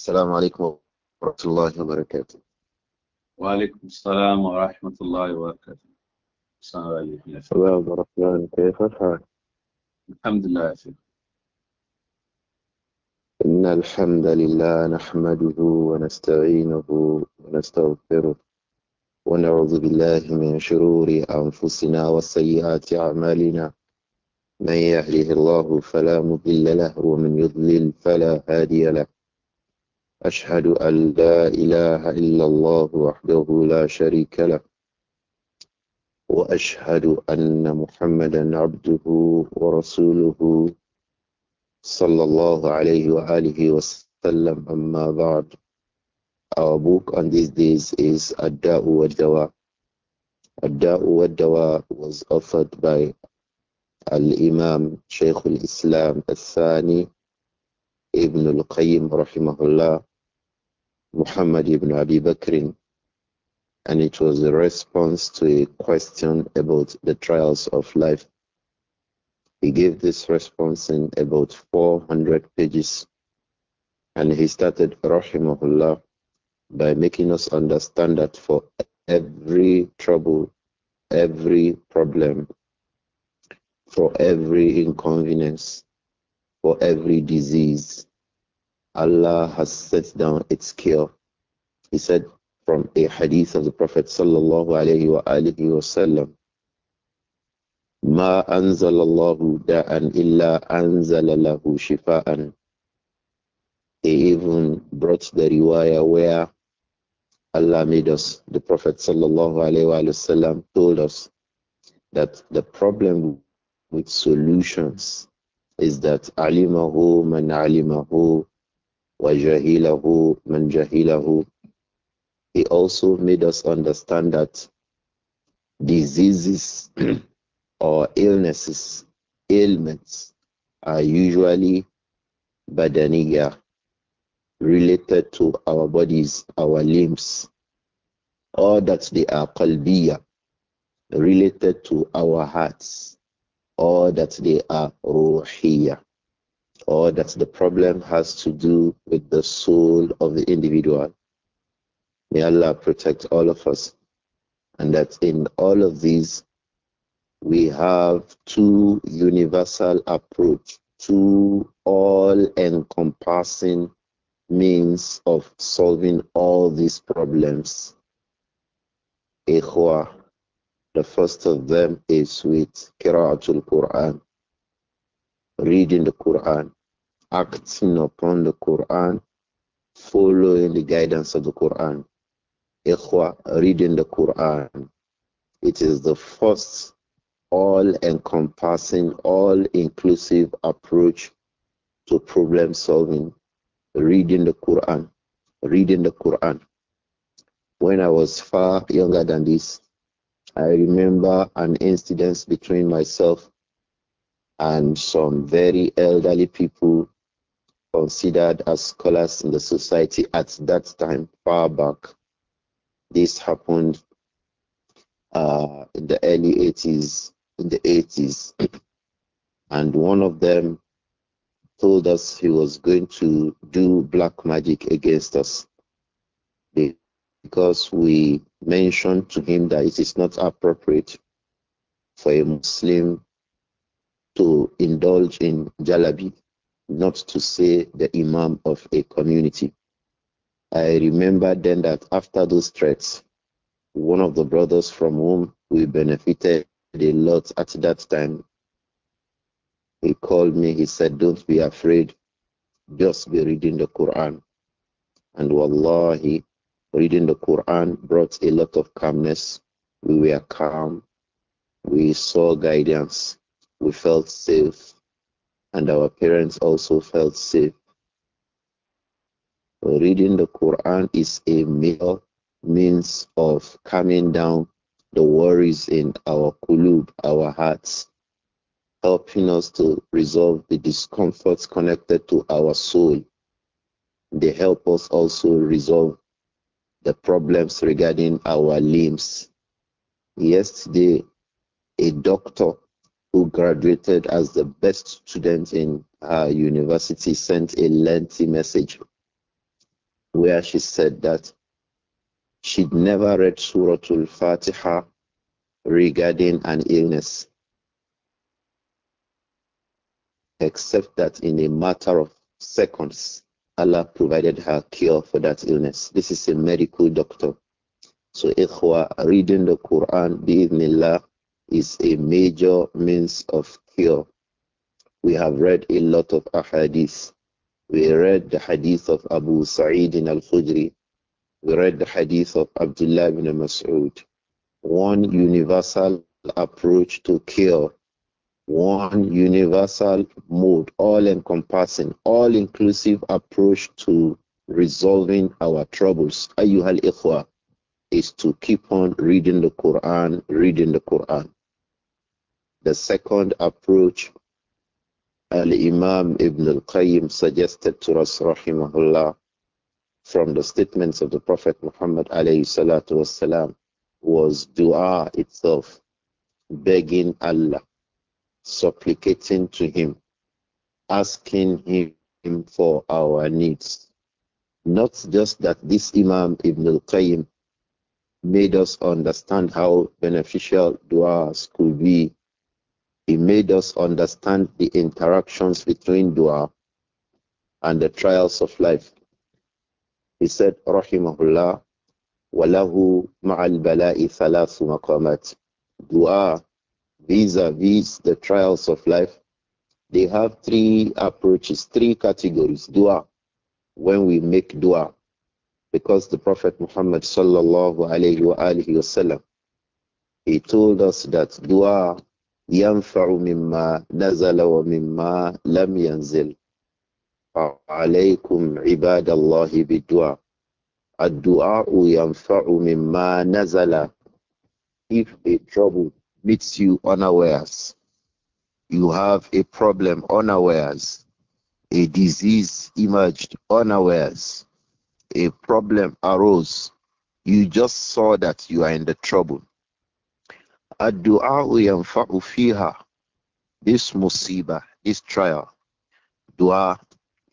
السلام عليكم ورحمة الله وبركاته وعليكم السلام ورحمة الله وبركاته السلام عليكم السلام ورحمة الله كيف الحال؟ الحمد لله يا سيدي إن الحمد لله نحمده ونستعينه ونستغفره ونعوذ بالله من شرور أنفسنا وسيئات أعمالنا من يهده الله فلا مضل له ومن يضلل فلا هادي له أشهد أن لا إله إلا الله وحده لا شريك له وأشهد أن محمدا عبده ورسوله صلى الله عليه وآله وسلم أما بعد Our book on these days is Adda'u wa Dawa. Adda'u wa Dawa was offered by Al-Imam Shaykh al-Islam al-Thani Ibn al-Qayyim rahimahullah Muhammad ibn Abi Bakr, and it was a response to a question about the trials of life. He gave this response in about 400 pages, and he started Rahimahullah by making us understand that for every trouble, every problem, for every inconvenience, for every disease, Allah has set down its cure. He said from a hadith of the Prophet sallallahu alayhi wa alihi wasallam, ما أنزل الله داء إلا أنزل له شفاء. He even brought the riwayah where Allah made us, the Prophet sallallahu alayhi wa sallam told us that the problem with solutions is that alimahu man alimahu وَجَهِلَهُ مَنْ He also made us understand that diseases or illnesses, ailments, are usually badaniya, related to our bodies, our limbs, or that they are qalbiya, related to our hearts, or that they are ruhiya, or that the problem has to do with the soul of the individual. May Allah protect all of us. And that in all of these, we have two universal approach, two all-encompassing means of solving all these problems. Ikhwa, the first of them is with Qira'atul Quran reading the Quran, acting upon the Quran, following the guidance of the Quran. Ikhwa, reading the Quran. It is the first all encompassing, all inclusive approach to problem solving. Reading the Quran. Reading the Quran. When I was far younger than this, I remember an incident between myself and some very elderly people considered as scholars in the society at that time, far back. This happened uh, in the early 80s, in the 80s. And one of them told us he was going to do black magic against us because we mentioned to him that it is not appropriate for a Muslim to indulge in jalabi, not to say the imam of a community. I remember then that after those threats, one of the brothers from whom we benefited a lot at that time, he called me, he said, Don't be afraid, just be reading the Quran. And wallahi, reading the Quran brought a lot of calmness. We were calm, we saw guidance, we felt safe, and our parents also felt safe. reading the Quran is a major means of calming down the worries in our kulub, our hearts, helping us to resolve the discomforts connected to our soul. They help us also resolve the problems regarding our limbs. Yesterday, a doctor who graduated as the best student in her university, sent a lengthy message where she said that she'd never read Suratul Fatiha regarding an illness, except that in a matter of seconds, Allah provided her cure for that illness. This is a medical doctor. So, ikhwa, reading the Quran, bi'idhnillah, is a major means of cure. We have read a lot of ahadith. We read the hadith of Abu Sa'id al-Khudri. We read the hadith of Abdullah ibn Mas'ud. One universal approach to cure. One universal mode, all-encompassing, all-inclusive approach to resolving our troubles. Ayyuhal ikhwa is to keep on reading the Quran, reading the Quran. The second approach Al-Imam Ibn al-Qayyim suggested to us, rahimahullah, from the statements of the Prophet Muhammad alayhi salatu wasalam, was dua itself, begging Allah, supplicating to Him, asking Him for our needs. Not just that this Imam Ibn al-Qayyim made us understand how beneficial duas could be he made us understand the interactions between dua and the trials of life. He said, Rahimahullah, walahu ma'al bala'i thalathu maqamat. Dua vis-a-vis -vis the trials of life, they have three approaches, three categories. Dua, when we make dua, because the Prophet Muhammad sallallahu alayhi wa alihi he told us that dua ينفع مما نزل ومما لم ينزل عليكم عباد الله بالدعاء الدعاء ينفع مما نزل if a trouble meets you unawares you have a problem unawares a disease emerged unawares a problem arose you just saw that you are in the trouble Ad-du'a yanfa'u This musibah, this trial, dua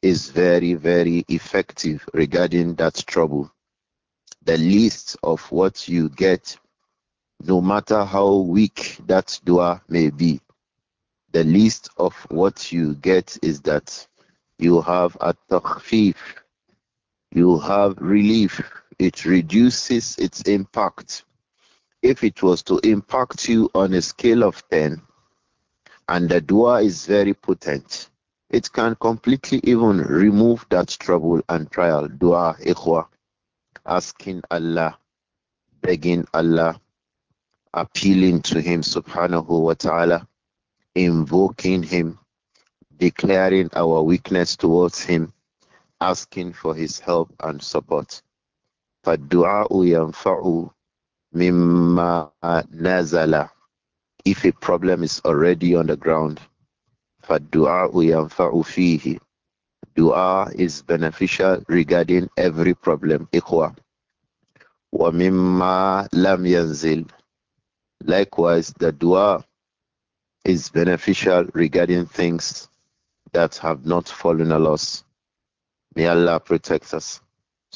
is very, very effective regarding that trouble. The least of what you get, no matter how weak that dua may be, the least of what you get is that you have a takhfif, you have relief. It reduces its impact if it was to impact you on a scale of 10, and the dua is very potent, it can completely even remove that trouble and trial. Dua, ikhwa, asking Allah, begging Allah, appealing to Him, subhanahu wa ta'ala, invoking Him, declaring our weakness towards Him, asking for His help and support mimma nazala. If a problem is already on the ground, فَالدُّعَاءُ يَنْفَعُ فِيهِ Dua is beneficial regarding every problem. Ikhwa. وَمِمَّا lam yanzil. Likewise, the dua is beneficial regarding things that have not fallen a loss. May Allah protect us.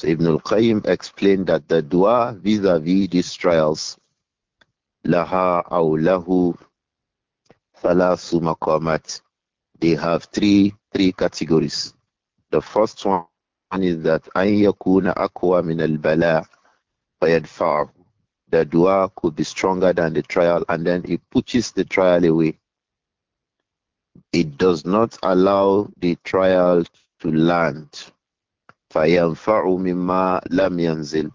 So Ibn al-Qayyim explained that the dua vis-a-vis these trials, laha aw lahu thalasu maqamat, they have three three categories. The first one is that an yakuna akwa min al-bala The dua could be stronger than the trial and then it pushes the trial away. It does not allow the trial to land فَيَنْفَعُ مِمَّا لَمْ يَنْزِلْ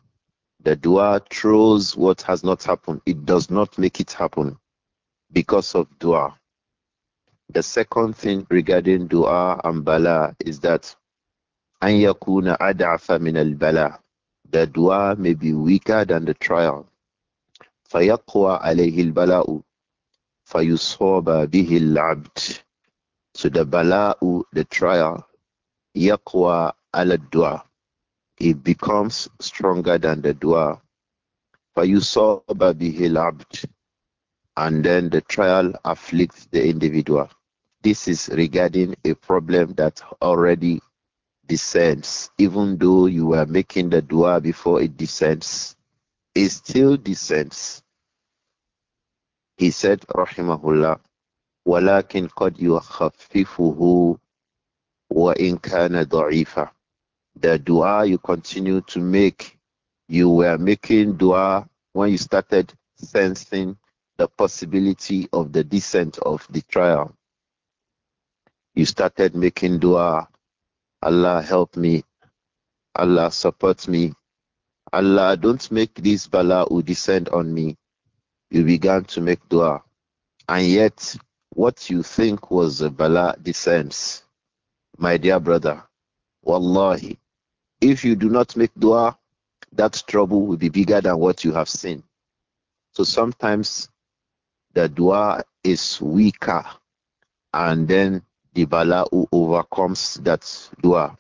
The dua throws what has not happened. It does not make it happen because of dua. The second thing regarding dua and bala is that أَنْ يَكُونَ أَدْعَفَ مِنَ الْبَلَى The dua may be weaker than the trial. فَيَقْوَى عَلَيْهِ الْبَلَاءُ فَيُصَوَبَ بِهِ الْعَبْدِ So the bala'u, the trial, يَقْوَى ala dua. It becomes stronger than the dua. But you saw Babihil Abd, and then the trial afflicts the individual. This is regarding a problem that already descends, even though you were making the dua before it descends, it still descends. He said, Rahimahullah, وَلَكِنْ قَدْ يُخَفِّفُهُ وَإِنْ كَانَ ضَعِيفًا the dua you continue to make. You were making dua when you started sensing the possibility of the descent of the trial. You started making dua. Allah help me. Allah support me. Allah don't make this bala who descend on me. You began to make dua. And yet what you think was a bala descends. My dear brother, wallahi, if you do not make dua, that trouble will be bigger than what you have seen. So sometimes the dua is weaker and then the bala overcomes that dua.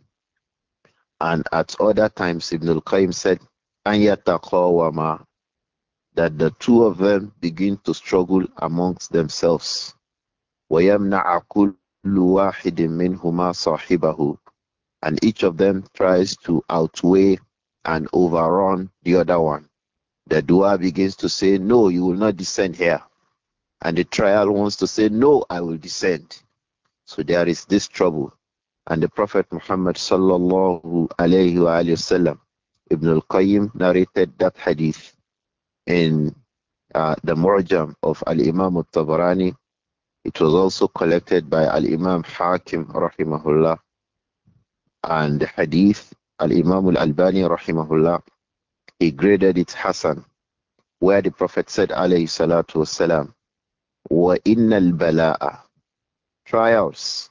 And at other times, Ibn al-Qayyim said, Anyataqawama, that the two of them begin to struggle amongst themselves. وَيَمْنَعَ كُلُّ وَاحِدٍ مِّنْهُمَا صَاحِبَهُ and each of them tries to outweigh and overrun the other one. The doer begins to say, No, you will not descend here. And the trial wants to say, No, I will descend. So there is this trouble. And the Prophet Muhammad sallallahu alayhi wa sallam, Ibn al-Qayyim narrated that hadith in uh, the Murjam of Al-Imam al-Tabarani. It was also collected by Al-Imam Hakim rahimahullah and the hadith, Al Imam Al Albani, rahimahullah, he graded it Hassan, where the Prophet said, alayhi salatu wasalam, wa innal bala'a, trials,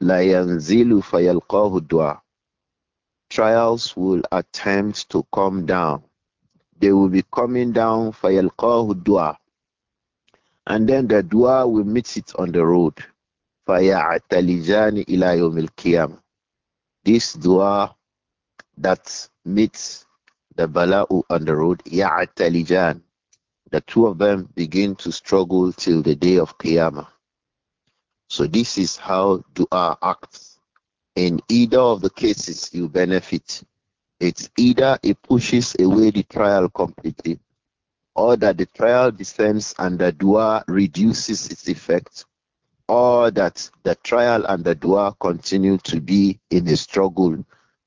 la yanzilu fayalqahu dua. Trials will attempt to come down. They will be coming down fayalqahu dua. And then the dua will meet it on the road. فَيَعْتَلِجَانِ إِلَى al الْقِيَامَةِ this dua that meets the bala'u on the road, ya'atalijan, the two of them begin to struggle till the day of Qiyamah. So this is how dua acts. In either of the cases, you benefit. It's either it pushes away the trial completely, or that the trial descends and the dua reduces its effect, or that the trial and the dua continue to be in a struggle,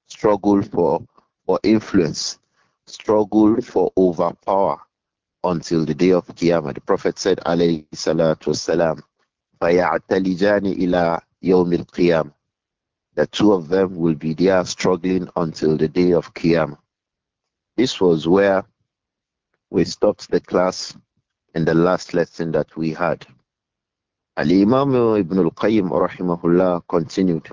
struggle for, for influence, struggle for overpower until the day of Qiyamah. The Prophet said, alayhi salatu wasalam, فَيَعْتَلِجَانِ إِلَىٰ يَوْمِ الْقِيَامِ The two of them will be there struggling until the day of Qiyamah. This was where we stopped the class in the last lesson that we had. Al-Imam Ibn al-Qayyim rahimahullah continued,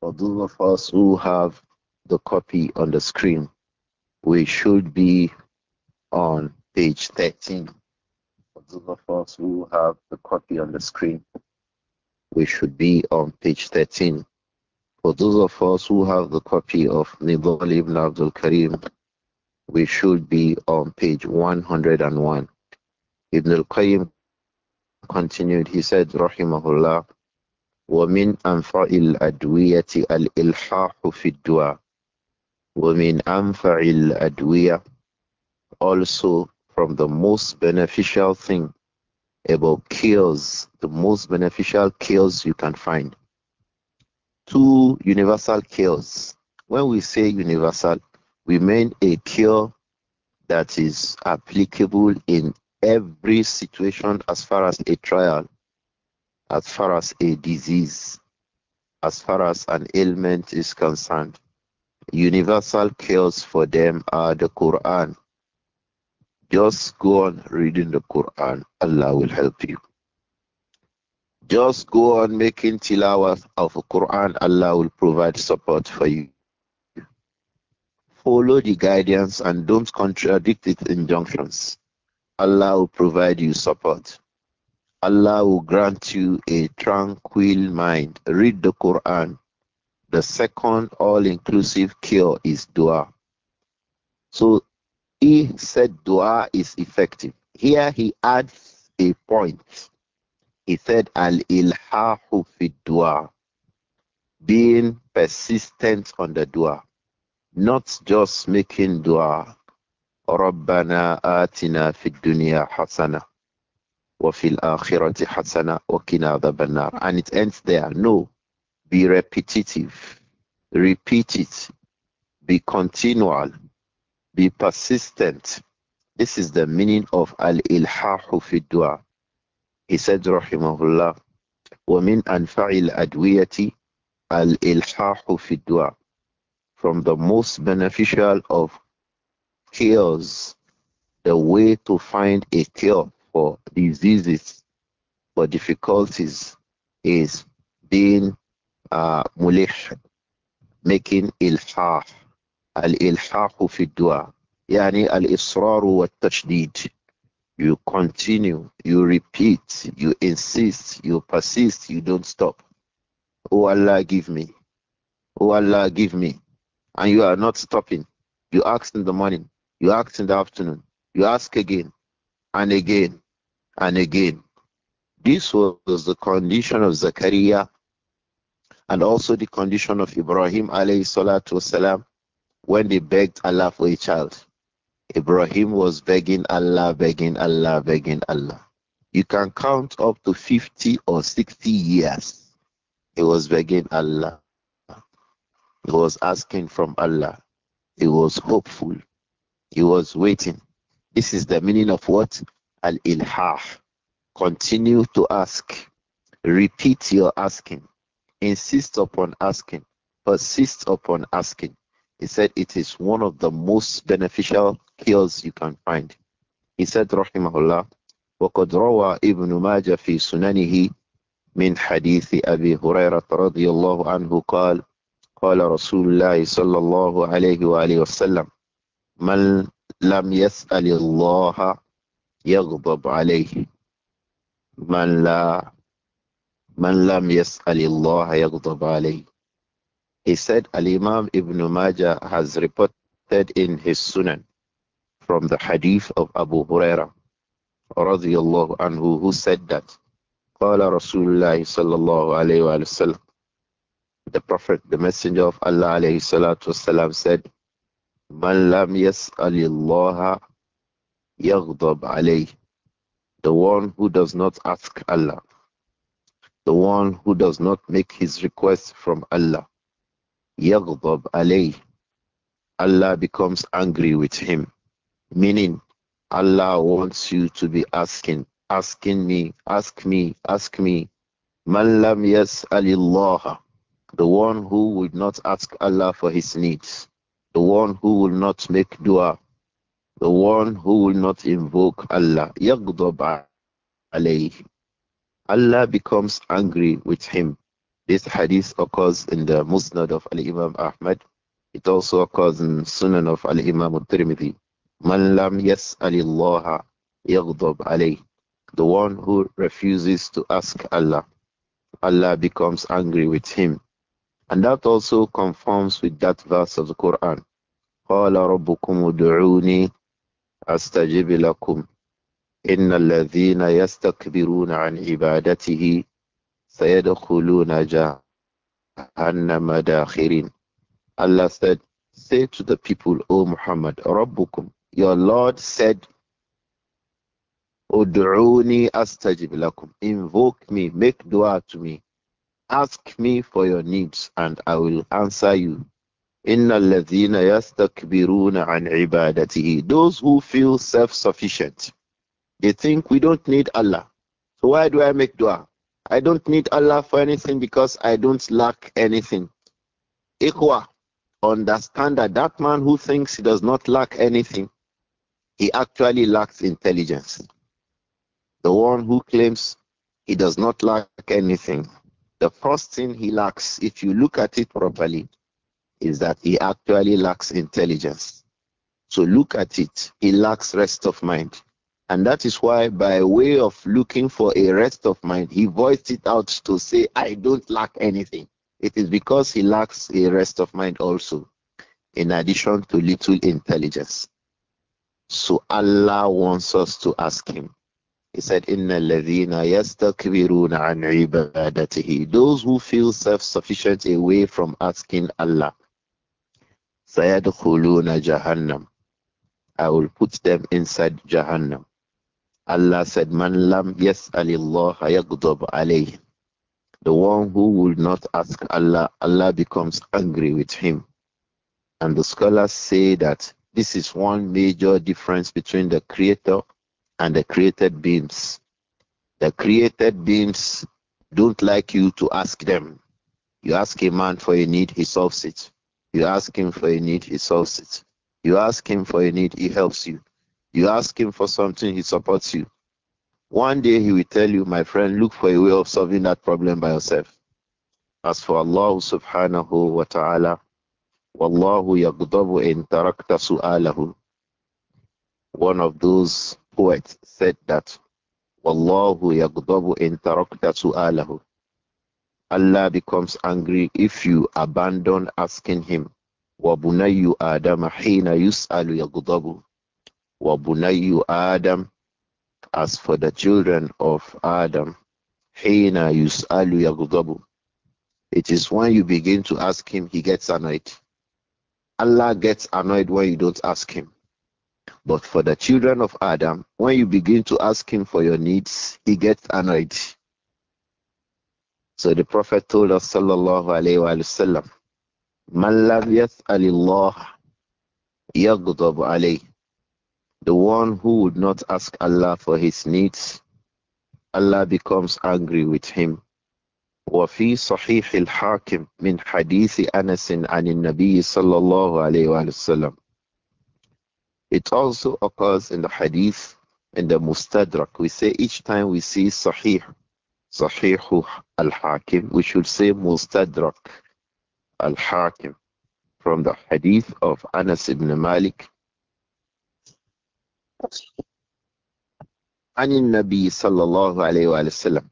for those of us who have the copy on the screen, we should be on page 13. For those of us who have the copy on the screen, we should be on page 13. For those of us who have the copy of Nidal ibn Abdul Karim, we should be on page 101. Ibn al Qayyim continued, he said, Rahimahullah, وَمِنْ أَنْفَعِ الْأَدْوِيَةِ الْإِلْحَاحُ فِي الدُّعَى وَمِنْ أَنْفَعِ الْأَدْوِيَةِ Also from the most beneficial thing about cures, the most beneficial cures you can find. Two universal cures. When we say universal, we mean a cure that is applicable in every situation as far as a trial, as far as a disease, as far as an ailment is concerned. Universal cures for them are the Quran. Just go on reading the Quran, Allah will help you. Just go on making tilawat of the Quran, Allah will provide support for you. Follow the guidance and don't contradict its injunctions. Allah will provide you support. Allah will grant you a tranquil mind. Read the Quran. The second all inclusive cure is dua. So he said dua is effective. Here he adds a point. He said al ilhahu fi dua, being persistent on the dua, not just making dua, ربنا آتنا في الدنيا حسنة وفي الآخرة حسنة وقنا عذاب النار and it ends there no be repetitive repeat it be continual be persistent this is the meaning of al-ilhahu fi he said rahimahullah ومن أنفع الأدوية الإلحاح في الدعاء from the most beneficial of cures, the way to find a cure for diseases, for difficulties, is being uh, mulih, making ilhaf. Al-ilhafu fi dua. Yani al-israru wa tashdid. You continue, you repeat, you insist, you persist, you don't stop. Oh Allah, give me. Oh Allah, give me. And you are not stopping. You ask in the morning, you ask in the afternoon. You ask again and again and again. This was the condition of Zachariah and also the condition of Ibrahim alayhi salatu wasalam when they begged Allah for a child. Ibrahim was begging Allah, begging Allah, begging Allah. You can count up to 50 or 60 years. He was begging Allah. He was asking from Allah. He was hopeful. He was waiting. This is the meaning of what? Al ilhah. Continue to ask. Repeat your asking. Insist upon asking. Persist upon asking. He said it is one of the most beneficial cures you can find. He said, Rahimahullah, وقد روى ابن ماجه في سننه من حديث أبي هريرة رضي الله عنه قال قال رسول الله صلى الله عليه وآله وسلم من لم يسأل الله يغضب عليه. من لا من لم يسأل الله يغضب عليه. He said Al-Imam Ibn Majah has reported in his Sunan from the hadith of Abu Huraira رضي الله عنه, who said that قال رسول الله صلى الله عليه وسلم The Prophet, the Messenger of Allah alayhi salatu wasalam said Man lam yas'alillaha yaghdab alayh. The one who does not ask Allah. The one who does not make his request from Allah. Yaghdab alayh. Allah becomes angry with him. Meaning, Allah wants you to be asking, asking me, ask me, ask me. Man lam yas'alillaha. The one who would not ask Allah for his needs the one who will not make dua, the one who will not invoke Allah. Yaghdab Allah becomes angry with him. This hadith occurs in the Musnad of Al Imam Ahmad. It also occurs in Sunan of Al Imam Al Tirmidhi. Man lam The one who refuses to ask Allah, Allah becomes angry with him. And that also conforms with that verse of the Quran. قال ربكم ادعوني أستجب لكم إن الذين يستكبرون عن عبادته سيدخلون جهنم داخرين Allah said, say to the people, O Muhammad, ربكم, your Lord said, ادْعُونِي أَسْتَجِبْ لَكُمْ. invoke me, make dua to me, Ask me for your needs and I will answer you. Inna Those who feel self-sufficient, they think we don't need Allah. So why do I make dua? I don't need Allah for anything because I don't lack anything. Ikwa. understand that that man who thinks he does not lack anything, he actually lacks intelligence. The one who claims he does not lack anything, the first thing he lacks, if you look at it properly, is that he actually lacks intelligence. So look at it, he lacks rest of mind. And that is why, by way of looking for a rest of mind, he voiced it out to say, I don't lack anything. It is because he lacks a rest of mind also, in addition to little intelligence. So Allah wants us to ask him, he said, Inna ladhina yastakbiruna an ibadatihi. Those who feel self-sufficient away from asking Allah. Sayadkhuluna jahannam. I will put them inside jahannam. Allah said, Man lam yas'alillah yaghdab alayh. The one who will not ask Allah, Allah becomes angry with him. And the scholars say that this is one major difference between the creator and the created beings. The created beings don't like you to ask them. You ask a man for a need, he solves it. You ask him for a need, he solves it. You ask him for a need, he helps you. You ask him for something, he supports you. One day he will tell you, my friend, look for a way of solving that problem by yourself. As for Allah subhanahu wa ta'ala, Wallahu yaghdabu in tarakta su'alahu. One of those poet said that Wallahu yaghdabu in tarakta su'alahu. Allah becomes angry if you abandon asking him. وَبُنَيُّ آدَمَ حِينَ يُسْأَلُ يَغْضَبُ Wabunayu Adam. As for the children of Adam, حِينَ yusalu يَغْضَبُ It is when you begin to ask him, he gets annoyed. Allah gets annoyed when you don't ask him. But for the children of Adam, when you begin to ask him for your needs, he gets annoyed. So the Prophet told us, Sallallahu Alaihi Wasallam, Man lam yas'alillah yaghdab alayh. The one who would not ask Allah for his needs, Allah becomes angry with him. وفي صحيح الحاكم من حديث أنس عن النبي صلى الله عليه وسلم it also occurs in the hadith in the Mustadrak. We say each time we see Sahih, Sahih al-Hakim, we should say Mustadrak al-Hakim from the hadith of Anas ibn Malik. عن النبي صلى الله عليه وآله وسلم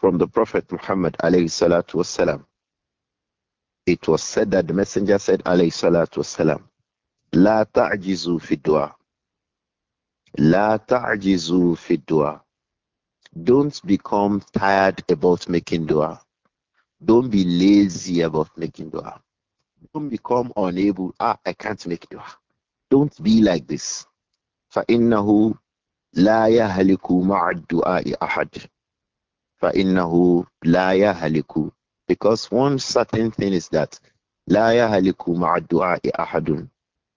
from the Prophet Muhammad عليه الصلاة والسلام it was said that the messenger said عليه الصلاة والسلام La ta'jizu في الدعاء. La ta'jizu في الدعاء. Don't become tired about making dua. Don't be lazy about making dua. Don't become unable. Ah, I can't make dua. Don't be like this. فإنه لا يهلك مع الدعاء أحد. فإنه لا يهلك. Because one certain thing is that لا يهلك مع الدعاء أحد.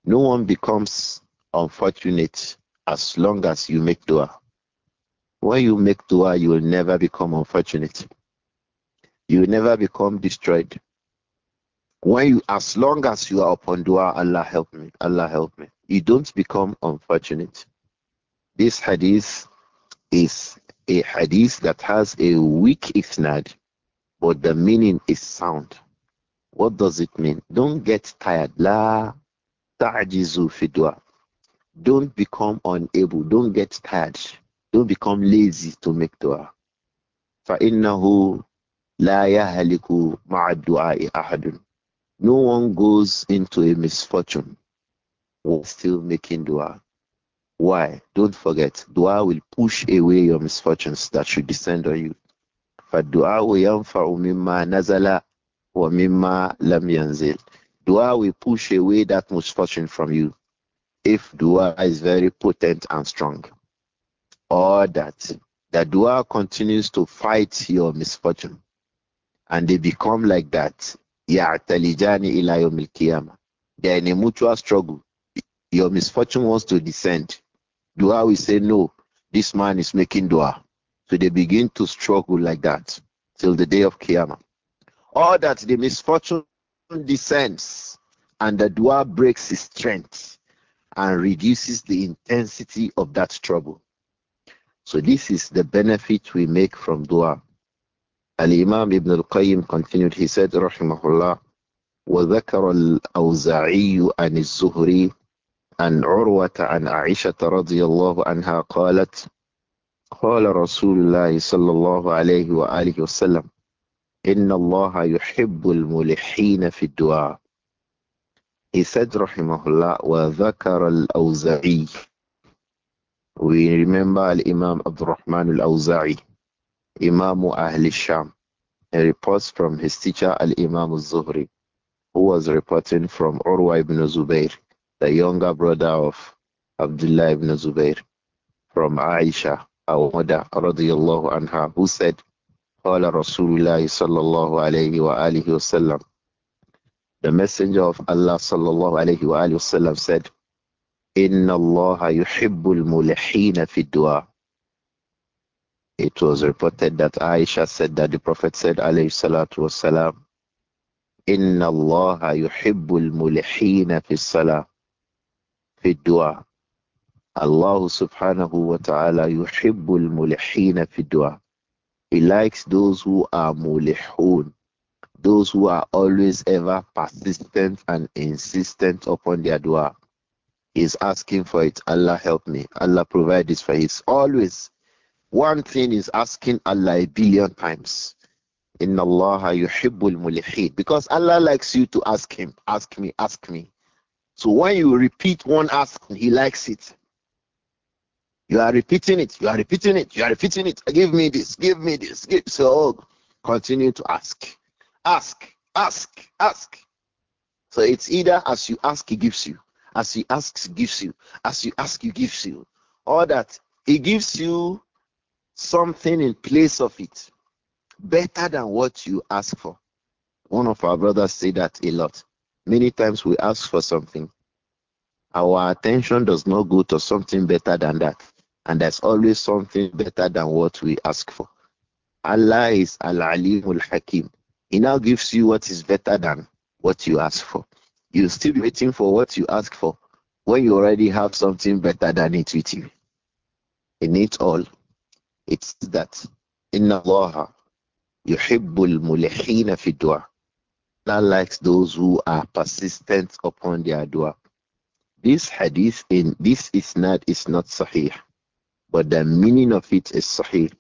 No one becomes unfortunate as long as you make dua. When you make dua, you will never become unfortunate. You will never become destroyed. When you, as long as you are upon dua, Allah help me, Allah help me. You don't become unfortunate. This hadith is a hadith that has a weak isnad, but the meaning is sound. What does it mean? Don't get tired. La Ta'jizu fidwa. Don't become unable. Don't get tired. Don't become lazy to make dua. فَإِنَّهُ لَا يَهْلِكُ مَعَ الدُّعَاءِ أَحَدٌ No one goes into a misfortune while still making dua. Why? Don't forget, dua will push away your misfortunes that should descend on you. فَالدُّعَاءُ يَنْفَعُ مِمَّا نَزَلَ وَمِمَّا لَمْ يَنْزِلْ Dua will push away that misfortune from you if dua is very potent and strong. Or that the dua continues to fight your misfortune and they become like that. Ya'talijani ila yawmil qiyamah. They are in a mutual struggle. Your misfortune wants to descend. Dua will say, No, this man is making dua. So they begin to struggle like that till the day of Qiyamah. Or that the misfortune descends and the dua breaks his strength and reduces the intensity of that trouble. So this is the benefit we make from dua. Al-Imam Ibn al-Qayyim continued, he said, Rahimahullah, وذكر الأوزاعي عن الزهري عن عروة عن عائشة رضي الله عنها قالت قال رسول الله صلى الله عليه وآله وسلم إن الله يحب الملحين في الدعاء He said, الله وذكر الأوزعي al الإمام We remember al-Imam أهل الشام awzai Imam Ahl sham He reports from his teacher al-Imam al-Zuhri, who was reporting from Urwa ibn Zubair, the younger brother of Abdullah ibn Zubair, from Aisha, our mother, radiyallahu anha, who said, قال رسول الله صلى الله عليه وآله وسلم The messenger of Allah صلى الله عليه وآله وسلم said إن الله يحب الملحين في الدعاء It was reported that Aisha said that the Prophet said عليه الصلاة والسلام إن الله يحب الملحين في الصلاة في الدعاء Allah subhanahu wa ta'ala yuhibbul mulihina fi dua. He likes those who are mulihun, those who are always ever persistent and insistent upon their dua. He's asking for it. Allah help me. Allah provide this for his always. One thing is asking Allah a billion times. Inna Allah yuhibbul mulihid. Because Allah likes you to ask him, ask me, ask me. So when you repeat one ask, he likes it. You are repeating it. You are repeating it. You are repeating it. Give me this. Give me this. Give. So continue to ask. Ask. Ask. Ask. So it's either as you ask, he gives you. As he asks, gives you. As you ask, he gives you. Or that he gives you something in place of it better than what you ask for. One of our brothers say that a lot. Many times we ask for something. Our attention does not go to something better than that. And there's always something better than what we ask for. Allah is Al Alimul Hakim. He now gives you what is better than what you ask for. You'll still be waiting for what you ask for when you already have something better than it with you. In it all, it's that in Allah yuhibbul mulihina fi dua. Allah likes those who are persistent upon their dua. This hadith in this isnad is not sahih. But the meaning of it is Sahih.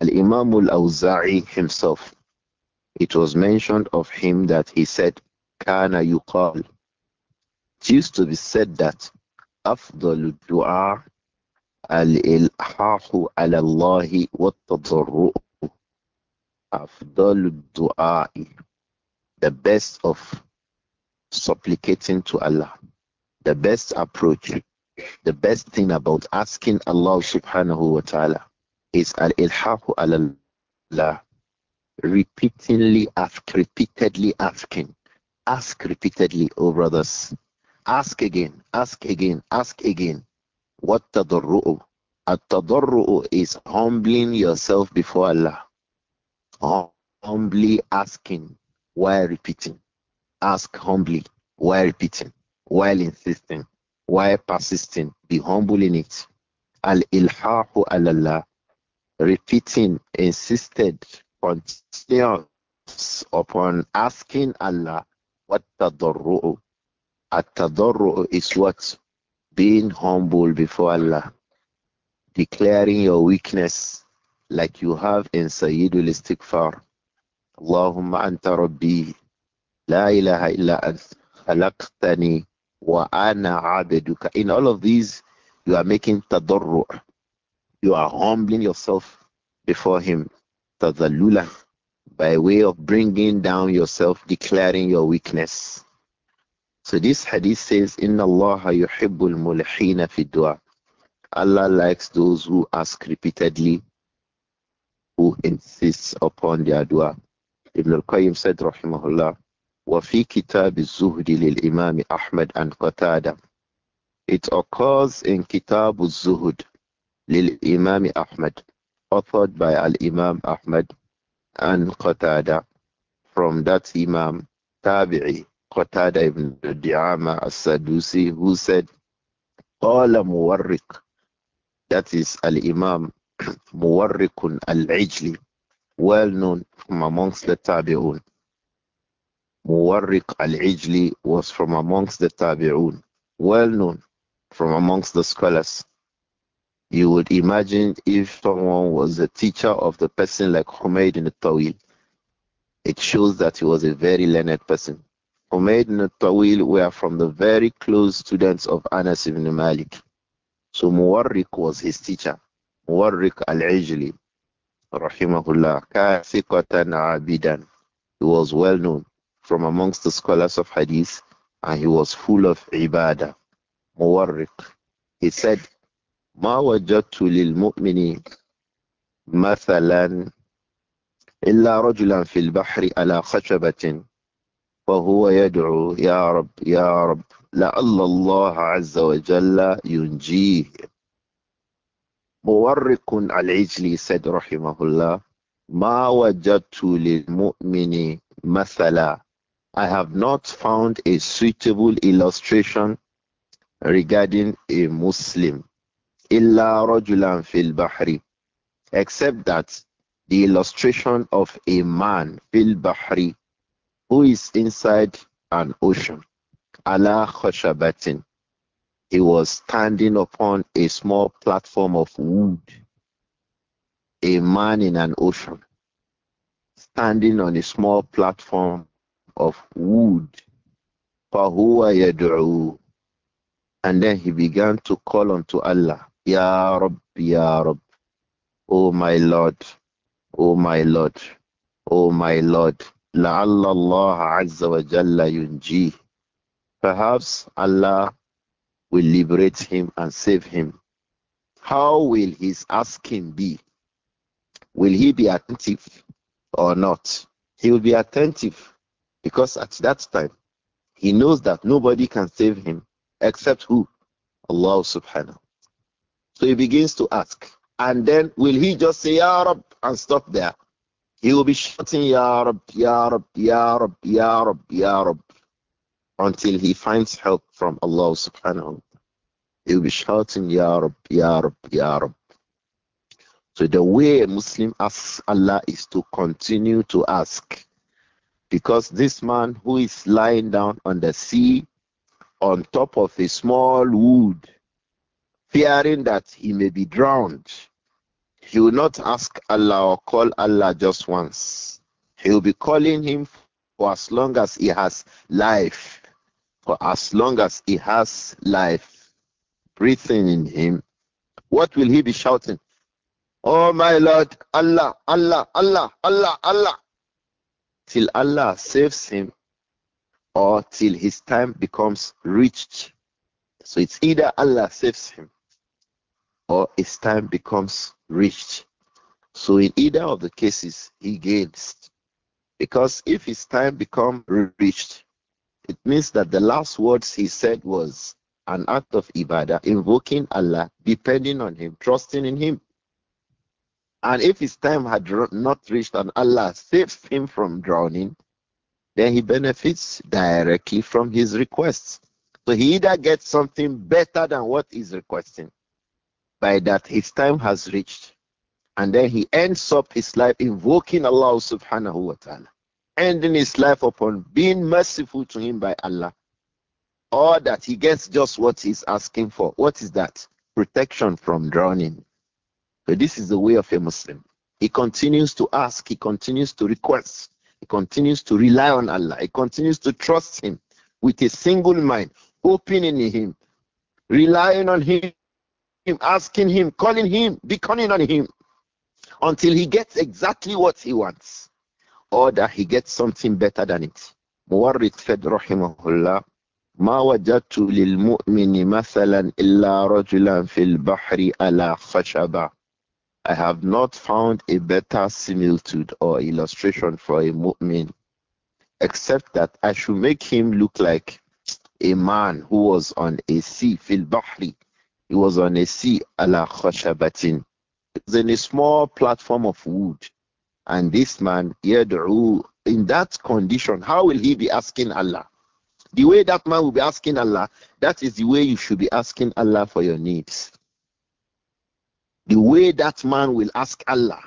Al Imam al Awza'i himself, it was mentioned of him that he said, Kana yuqal. It used to be said that أفضل الدعاء الإلحاح على الله والتضرع أفضل الدعاء the best of supplicating to Allah the best approach the best thing about asking Allah subhanahu wa ta'ala is al ilhahu Allah, repeatedly ask, repeatedly asking. Ask repeatedly, O oh brothers. Ask again, ask again, ask again. What tadarru'u? At-tadarru'u is humbling yourself before Allah. humbly asking while repeating. Ask humbly while repeating, while insisting. Why persisting? Be humble in it. Al ilhahu Allah, repeating, insisted, continuous upon asking Allah what tadarru'u. At tadarru'u is what? Being humble before Allah, declaring your weakness like you have in Sayyidul Istighfar. اللهم أنت antarubbi. La ilaha illa أنت خلقتني Wa ana abeduka. In all of these, you are making tadarru. You are humbling yourself before Him, tadallula, by way of bringing down yourself, declaring your weakness. So this hadith says, In Allah yuhibbul mulhina fi dua. Allah likes those who ask repeatedly, who insists upon their dua. Ibn al-Qayyim said, rahimahullah, وفي كتاب الزهد للإمام أحمد عن قتادة It occurs in كتاب الزهد للإمام أحمد authored by Al-Imam Ahmad an Qatada from that Imam Tabi'i Qatada ibn Di'ama as who said قال مورق that is Al-Imam مورق al well known from amongst the Tabi'un Muwarriq al-Ijli was from amongst the Tabi'un, well known from amongst the scholars. You would imagine if someone was a teacher of the person like Humayd in Tawil, it shows that he was a very learned person. Humayd and Tawil were from the very close students of Anas ibn Malik. So Muwarriq was his teacher. Muwarriq al-Ijli, rahimahullah, kathiqatan abidan. He was well known from amongst the scholars of hadith and he was full of ibadah muwarriq he said ma wajadtu lil mu'mini mathalan illa rajulan fil bahri ala khashabatin wa huwa yad'u ya rab ya rab la'alla allah azza wa jalla yunjih muwarriq al-ijli said rahimahullah ma wajadtu lil mu'mini mathalan I have not found a suitable illustration regarding a Muslim. Illa rajulan fil bahri. Except that the illustration of a man fil bahri who is inside an ocean. Ala khashabatin. He was standing upon a small platform of wood. A man in an ocean. Standing on a small platform of wood. فَهُوَ يَدْعُو And then he began to call unto Allah, Ya Rabb, Ya Rabb, O oh my Lord, O oh my Lord, O oh my Lord, لَعَلَّ اللَّهَ عَزَّ وَجَلَّ يُنْجِيهِ Perhaps Allah will liberate him and save him. How will his asking be? Will he be attentive or not? He will be attentive because at that time, he knows that nobody can save him except who? Allah subhanahu. So he begins to ask. And then will he just say, Ya Rab, and stop there? He will be shouting, Ya Rab, Ya Rab, Ya Rab, Ya Rab, Ya Rab, until he finds help from Allah subhanahu. He will be shouting, Ya Rab, Ya Rab, Ya Rab. So the way a Muslim asks Allah is to continue to ask. Because this man who is lying down on the sea on top of a small wood, fearing that he may be drowned, he will not ask Allah or call Allah just once. He will be calling him for as long as he has life. For as long as he has life breathing in him, what will he be shouting? Oh my Lord, Allah, Allah, Allah, Allah, Allah till Allah saves him or till his time becomes reached. So it's either Allah saves him or his time becomes reached. So in either of the cases, he gains. Because if his time become reached, it means that the last words he said was an act of ibadah, invoking Allah, depending on Him, trusting in Him. And if his time had not reached and Allah saves him from drowning, then he benefits directly from his requests. So he either gets something better than what he's requesting by that his time has reached. And then he ends up his life invoking Allah subhanahu wa ta'ala, ending his life upon being merciful to him by Allah. Or that he gets just what he's asking for. What is that? Protection from drowning. But this is the way of a Muslim. He continues to ask, he continues to request, he continues to rely on Allah, he continues to trust Him with a single mind, hoping in Him, relying on Him, asking Him, calling Him, beckoning on Him until he gets exactly what he wants or that he gets something better than it. مورد فد رحمه ما وجدت للمؤمن مثلا إلا رجلا في البحر على خشبة I have not found a better similitude or illustration for a mu'min, except that I should make him look like a man who was on a sea, fil bahri. He was on a sea, ala khashabatin. Then in a small platform of wood. And this man, yad'u, in that condition, how will he be asking Allah? The way that man will be asking Allah, that is the way you should be asking Allah for your needs. The way that man will ask Allah,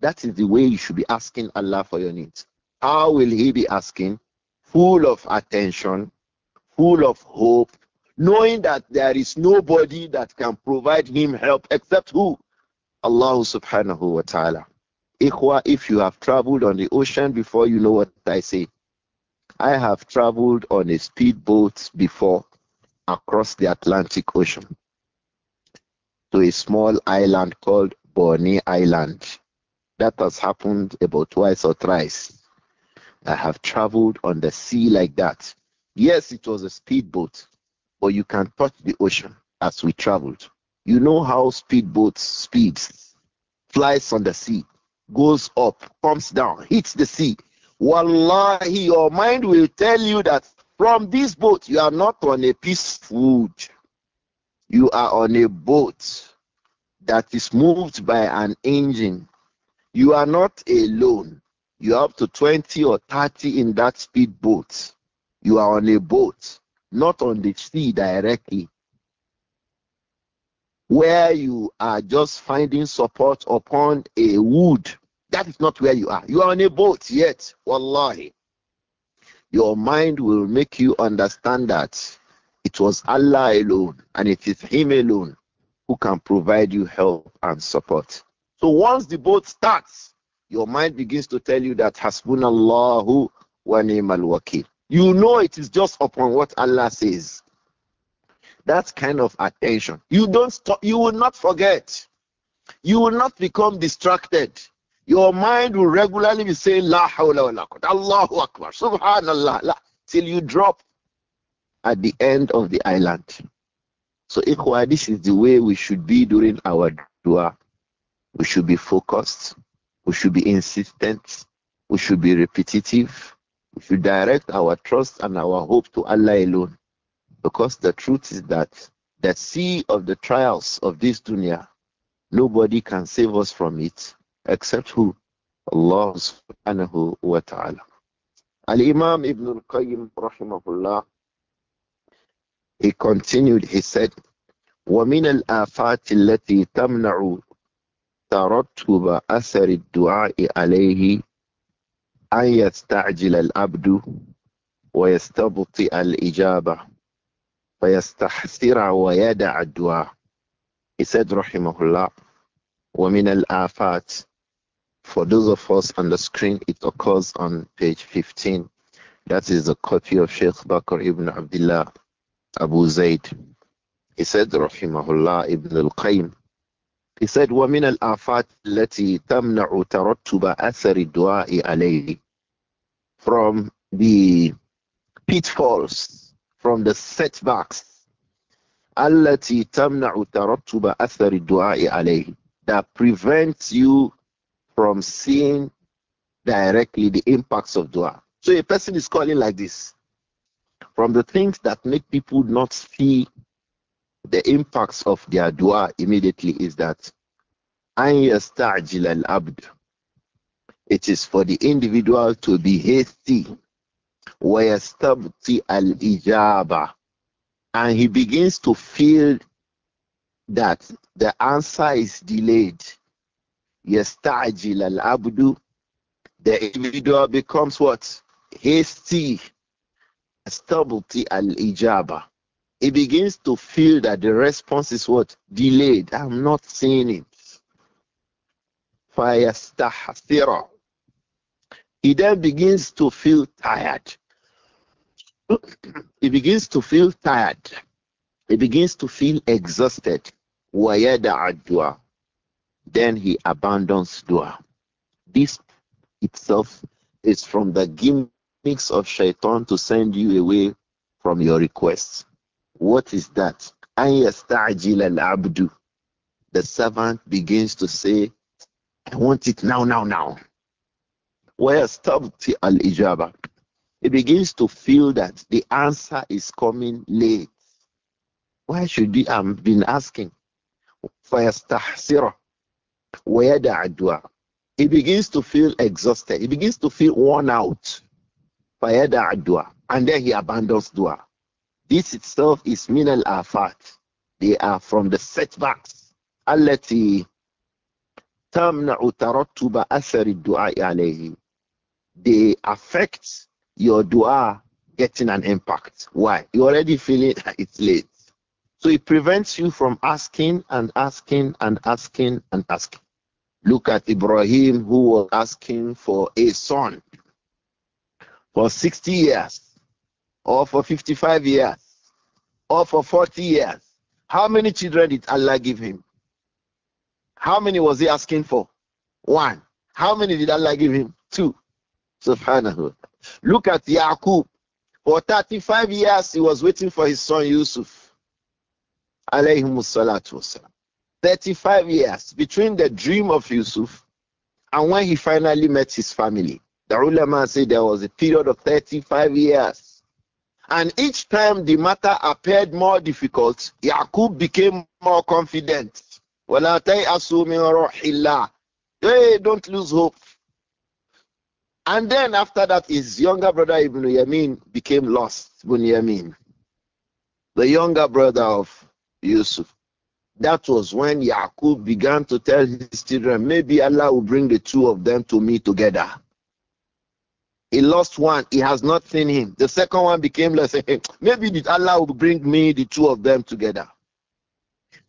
that is the way you should be asking Allah for your needs. How will he be asking? Full of attention, full of hope, knowing that there is nobody that can provide him help except who? Allah subhanahu wa ta'ala. Ikhwa, if you have traveled on the ocean before, you know what I say. I have traveled on a speedboat before across the Atlantic Ocean to a small island called Borneo Island. That has happened about twice or thrice. I have traveled on the sea like that. Yes, it was a speedboat, but you can touch the ocean as we traveled. You know how speedboats speeds, flies on the sea, goes up, comes down, hits the sea. Wallahi, your mind will tell you that from this boat you are not on a piece of wood. You are on a boat that is moved by an engine. You are not alone. You are up to 20 or 30 in that speed boat. You are on a boat, not on the sea directly, where you are just finding support upon a wood. That is not where you are. You are on a boat yet. Wallahi. Your mind will make you understand that it was Allah alone, and it is Him alone who can provide you help and support. So once the boat starts, your mind begins to tell you that Hasbunallahu wa ni'mal wakil. You know it is just upon what Allah says. That kind of attention. You don't stop, you will not forget. You will not become distracted. Your mind will regularly be saying La hawla wa la Allahu Akbar, Subhanallah, la, till you drop at the end of the island. So, Ikhwa, this is the way we should be during our dua. We should be focused. We should be insistent. We should be repetitive. We should direct our trust and our hope to Allah alone. Because the truth is that the sea of the trials of this dunya, nobody can save us from it except who? Allah subhanahu wa ta'ala. Al Imam Ibn al Qayyim rahimahullah he continued, he said, وَمِنَ الْآفَاتِ الَّتِي تَمْنَعُ تَرَتُّبَ أَثَرِ الدُّعَاءِ عَلَيْهِ أَنْ يَسْتَعْجِلَ الْعَبْدُ وَيَسْتَبْطِئَ الْإِجَابَةِ وَيَسْتَحْسِرَ وَيَدَعَ الدُّعَاءِ He said, Rahimahullah, وَمِنَ الْآفَاتِ For those of us on the screen, it occurs on page 15. That is a copy of Sheikh Bakr ibn Abdullah. Abu Zaid, He said, Rahimahullah ibn al Qayyim, he said, وَمِنَ الْآفَاتِ الَّتِي تَمْنَعُ تَرَتُّبَ أَثَرِ الدُّعَاءِ عَلَيْهِ From the pitfalls, from the setbacks, الَّتِي تَمْنَعُ تَرَتُّبَ أَثَرِ الدُّعَاءِ عَلَيْهِ That prevents you from seeing directly the impacts of dua. So a person is calling like this. From the things that make people not see the impacts of their dua immediately is that al-abd. It is for the individual to be hasty. al ijaba, And he begins to feel that the answer is delayed. al abdu, The individual becomes what? Hasty. Stability al ijaba. He begins to feel that the response is what? Delayed. I'm not seeing it. Fayastahsira. He then begins to feel tired. he begins to feel tired. He begins to feel exhausted. Wayada Then he abandons dua. This itself is from the gimbal techniques of shaitan to send you away from your request. What is that? abdu. The servant begins to say, I want it now, now, now. al ijaba. He begins to feel that the answer is coming late. Why should he have been asking? فيستحسره ويدع الدعاء He begins to feel exhausted. He begins to feel worn out. Fayada And then he abandons dua. This itself is min al afat. They are from the setbacks. Allati tamna'u tarattuba asari dua alayhi. They affect your dua getting an impact. Why? you already feeling it's late. So it prevents you from asking and asking and asking and asking. Look at Ibrahim who was asking for a son for 60 years or for 55 years or for 40 years. How many children did Allah give him? How many was he asking for? One. How many did Allah give him? Two. Subhanahu. Look at Yaqub. For 35 years, he was waiting for his son Yusuf. alayhi salatu wasalam. 35 years between the dream of Yusuf and when he finally met his family. The ulama said there was a period of 35 years. And each time the matter appeared more difficult, Yaqub became more confident. Hey, don't lose hope. And then after that, his younger brother Ibn Yamin became lost, Ibn Yamin, the younger brother of Yusuf. That was when Yaqub began to tell his children, maybe Allah will bring the two of them to me together. He lost one. He has not seen him. The second one became less. Maybe Allah will bring me the two of them together.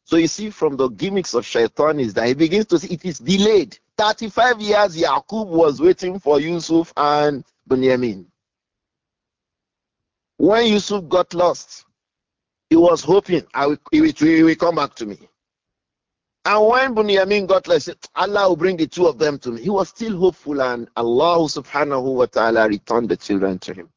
So you see, from the gimmicks of Shaitan is that he begins to see it is delayed. 35 years Yaqub was waiting for Yusuf and Benjamin. When Yusuf got lost, he was hoping, I will, he, will, he will come back to me. And when Bunyamin got said, Allah will bring the two of them to me. He was still hopeful, and Allah subhanahu wa ta'ala returned the children to him.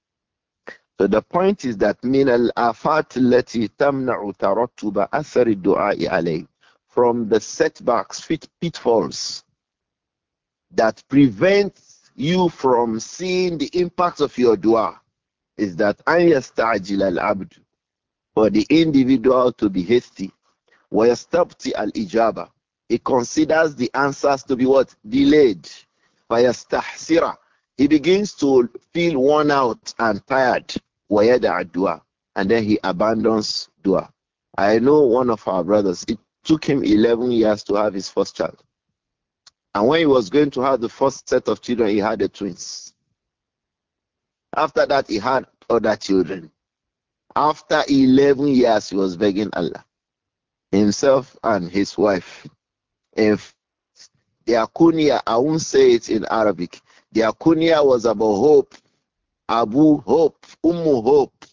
So the point is that min al afat التي تمنع ترتب asari الدعاء alay. from the setbacks, fit pitfalls that prevent you from seeing the impacts of your dua is that an al abdu, for the individual to be hasty al-ijaba? He considers the answers to be what? Delayed. وَيَسْتَحْسِرَ He begins to feel worn out and tired. the dua, And then he abandons dua. I know one of our brothers, it took him 11 years to have his first child. And when he was going to have the first set of children, he had the twins. After that, he had other children. After 11 years, he was begging Allah himself and his wife. If the akunia, I won't say it in Arabic. The akunia was about hope, Abu hope, Ummu hope,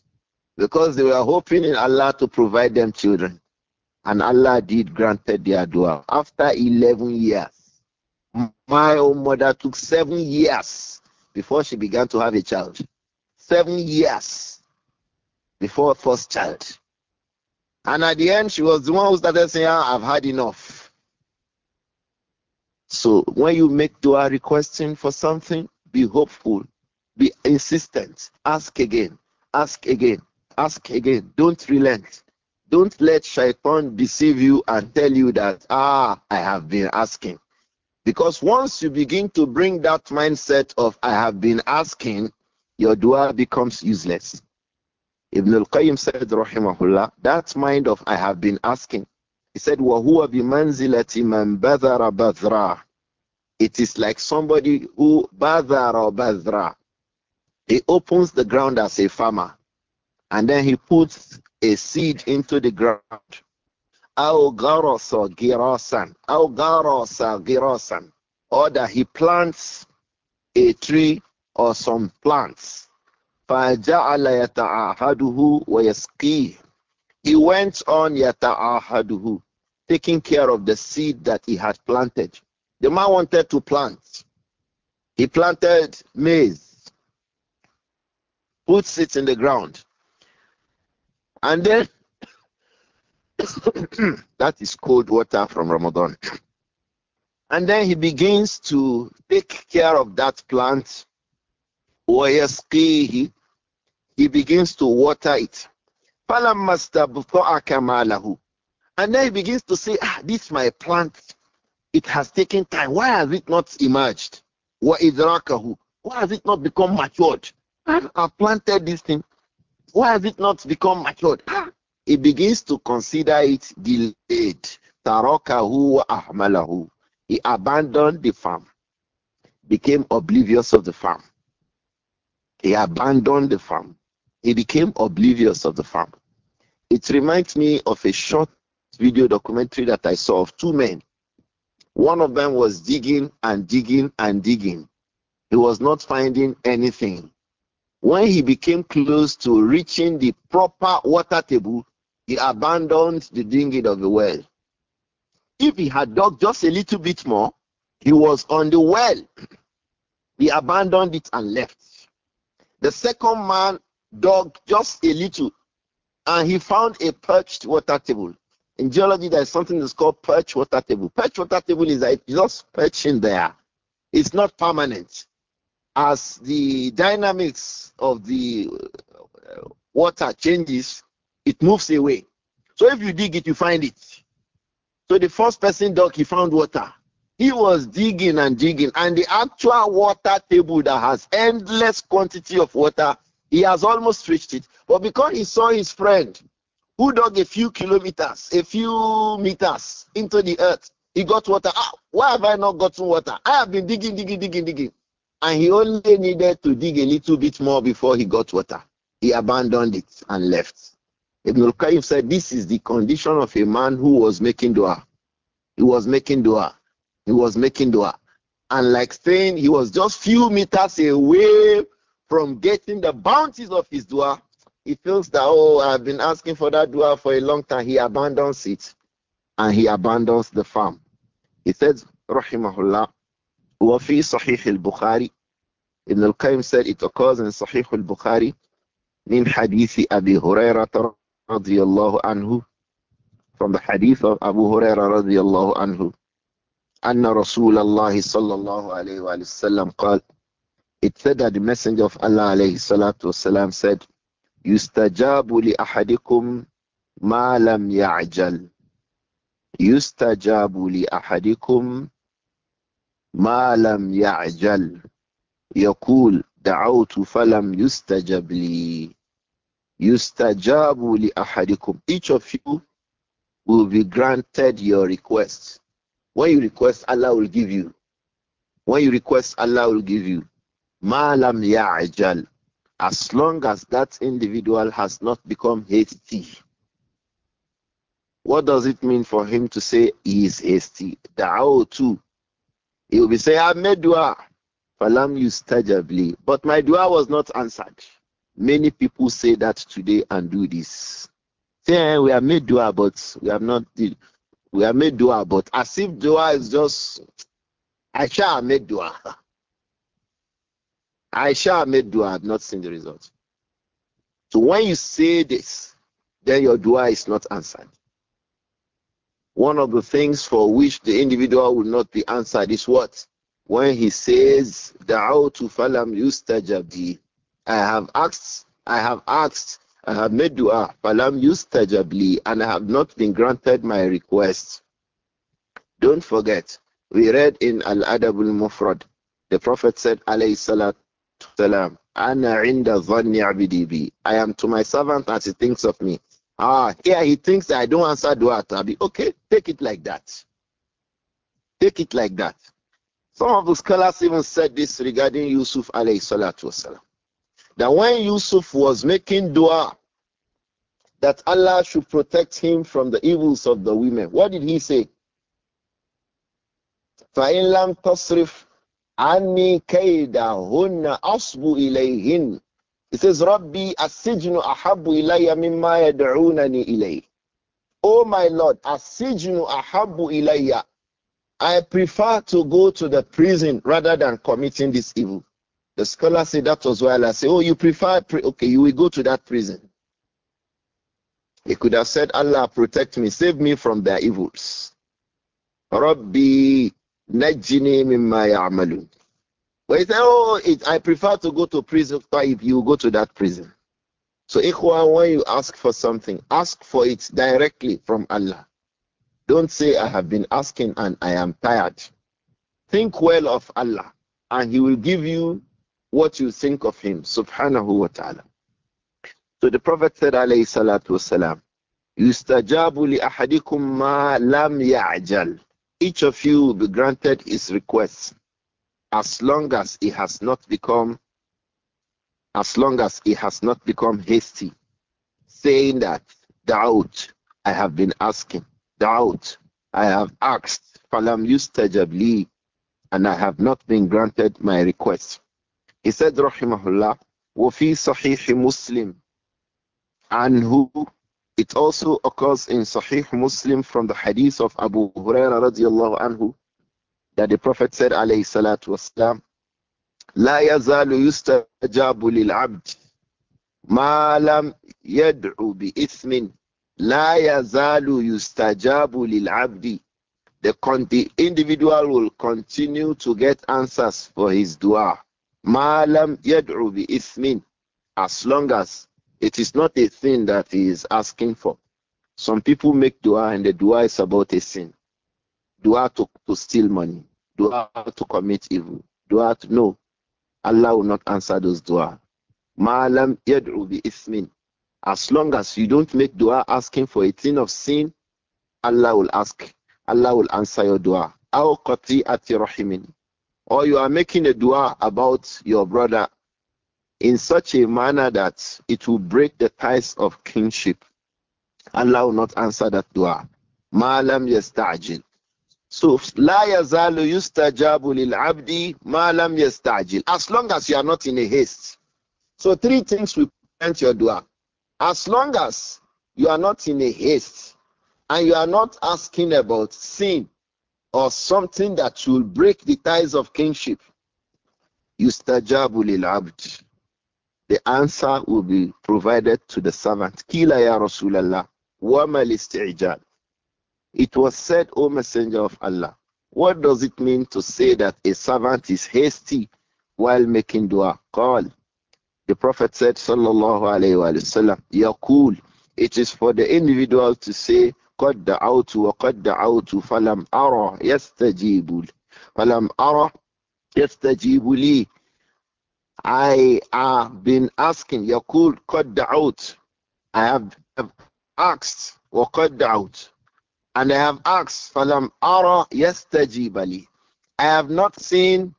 because they were hoping in Allah to provide them children. And Allah did grant their dua. After 11 years, my own mother took seven years before she began to have a child. Seven years before first child. And at the end, she was the one who started saying, I've had enough. So when you make dua requesting for something, be hopeful, be insistent, ask again, ask again, ask again. Don't relent. Don't let shaitan deceive you and tell you that, ah, I have been asking. Because once you begin to bring that mindset of, I have been asking, your dua becomes useless. Ibn al-Qayyim said, rahimahullah, that mind of I have been asking. He said, وَهُوَ بِمَنْزِلَةِ مَنْ بَذَرَ بَذْرًا It is like somebody who بَذَرَ بَذْرًا He opens the ground as a farmer, and then he puts a seed into the ground. أَوْ غَرَسَ غِرَاسًا أَوْ غَرَسَ غِرَاسًا Or that he plants a tree or some plants. فَجَعَلَ يَتَعَهَدُهُ وَيَسْقِيهِ He went on يَتَعَهَدُهُ taking care of the seed that he had planted. The man wanted to plant. He planted maize, puts it in the ground, and then that is cold water from Ramadan. And then he begins to take care of that plant وَيَسْقِيهِ He begins to water it. فَلَمَّا اسْتَبْطَعَ كَمَالَهُ And then he begins to say, ah, this my plant. It has taken time. Why has it not emerged? وَإِذْرَاكَهُ Why has it not become matured? Ah, I planted this thing. Why has it not become matured? Ah, he begins to consider it delayed. Tarakahu ahmalahu. He abandoned the farm, became oblivious of the farm. He abandoned the farm. He became oblivious of the farm. It reminds me of a short video documentary that I saw of two men. One of them was digging and digging and digging. He was not finding anything. When he became close to reaching the proper water table, he abandoned the digging of the well. If he had dug just a little bit more, he was on the well. He abandoned it and left. The second man dug just a little and he found a perched water table. In geology, there is something that's called perch water table. Perch water table is like just perching there. It's not permanent. As the dynamics of the uh, water changes, it moves away. So if you dig it, you find it. So the first person dug, he found water. He was digging and digging, and the actual water table that has endless quantity of water, he has almost reached it. But because he saw his friend who dug a few kilometers, a few meters into the earth, he got water. Ah, why have I not gotten water? I have been digging, digging, digging, digging. And he only needed to dig a little bit more before he got water. He abandoned it and left. Ibn al-Qayyim said, this is the condition of a man who was making dua. He was making dua. He was making dua. And like saying he was just few meters away from getting the bounties of his dua, he feels that, oh, I've been asking for that dua for a long time. He abandons it and he abandons the farm. He says, Rahimahullah, Sahih al-Bukhari, Ibn al-Qayyim said it occurs in Sahih al-Bukhari min hadith Abi Hurairah radiyallahu anhu from the hadith of Abu Hurairah radiyallahu anhu أن رسول الله صلى الله عليه وآله وسلم قال It said that the messenger of Allah عليه الصلاة والسلام said يستجاب لأحدكم ما لم يعجل يستجاب لأحدكم ما لم يعجل يقول دعوت فلم يستجب لي يستجاب لأحدكم Each of you will be granted your request when you request, Allah will give you. When you request, Allah will give you. Ma'alam ya'ajal. As long as that individual has not become hasty. What does it mean for him to say he is hasty? Da'aw too. He will be saying, I made dua. Falam yustajabli. But my dua was not answered. Many people say that today and do this. Say, eh, we have made dua, but we have not did. We are made dua, but as if dua is just I Aisha made dua. I Aisha made dua. I've not seen the result. So when you say this, then your dua is not answered. One of the things for which the individual will not be answered is what? When he says, Da'autu falam yustajabdi. I have asked, I have asked, I have made dua, falam yustajabli, and I have not been granted my request. Don't forget, we read in Al Adabul Mufrad, the Prophet said, alayhi salatu salam, ana inda dhanni abdi I am to my servant as he thinks of me. Ah, here he thinks I don't answer dua, Tabi. Okay, take it like that. Take it like that. Some of the scholars even said this regarding Yusuf alayhi salatu salam that when Yusuf was making dua that Allah should protect him from the evils of the women, what did he say? فَإِن لَمْ تَصْرِفْ عَنِّي كَيْدَهُنَّ It says, "O أَسِّجْنُ أَحَبُّ إِلَيَّ مِمَّا يَدْعُونَنِي إِلَيْهِ Oh my Lord, asijnu ahabu ilayya. I prefer to go to the prison rather than committing this evil. The scholar said that was why I say, oh, you prefer, okay, you will go to that prison. He could have said, Allah protect me, save me from their evils. Rabbi najjini mimma But he said, oh, it, I prefer to go to prison. If you go to that prison. So, ikhwan, when you ask for something, ask for it directly from Allah. Don't say, I have been asking and I am tired. Think well of Allah, and He will give you what you think of him, subhanahu wa ta'ala. So the Prophet said, alayhi salatu wasalam, yustajabu ahadikum ma lam ya'jal. Each of you will be granted his request as long as he has not become as long as he has not become hasty, saying that doubt I have been asking, doubt I have asked, falam yustajabli, and I have not been granted my request. He said, Rahimahullah, Wafi Sahih Muslim. And who? It also occurs in Sahih Muslim from the hadith of Abu Huraira radiallahu anhu that the Prophet said, alayhi salatu wasalam, لا يزال يستجاب للعبد ما bi يدعو La لا يزال يستجاب للعبد the, the individual will continue to get answers for his dua Malam yad'u bi ismin. As long as it is not a thing that he is asking for. Some people make dua and the dua is about a sin. Dua to, to steal money. Dua to commit evil. Dua to no. Allah will not answer those dua. Malam yad'u bi ismin. As long as you don't make dua asking for a thing of sin, Allah will ask. Allah will answer your dua or you are making a dua about your brother in such a manner that it will break the ties of kinship, Allah will not answer that dua. Ma'lam yasta'jil. So, la yazalu yustajabu lil abdi ma'lam yasta'jil. As long as you are not in a haste. So, three things will prevent your dua. As long as you are not in a haste and you are not asking about sin, or something that will break the ties of kinship, yustajabu abd. The answer will be provided to the servant. Kila ya Rasulallah, wa mal isti'jal. It was said, O Messenger of Allah, what does it mean to say that a servant is hasty while making dua? Call. The Prophet said, Sallallahu Alaihi Wasallam, Yaqul. It is for the individual to say, قد دعوت وقد دعوت فلم أرى يستجيب لي فلم أرى يستجيب لي I have been asking يقول قد دعوت I have, have asked وقد دعوت and I have asked فلم أرى يستجيب لي I have not seen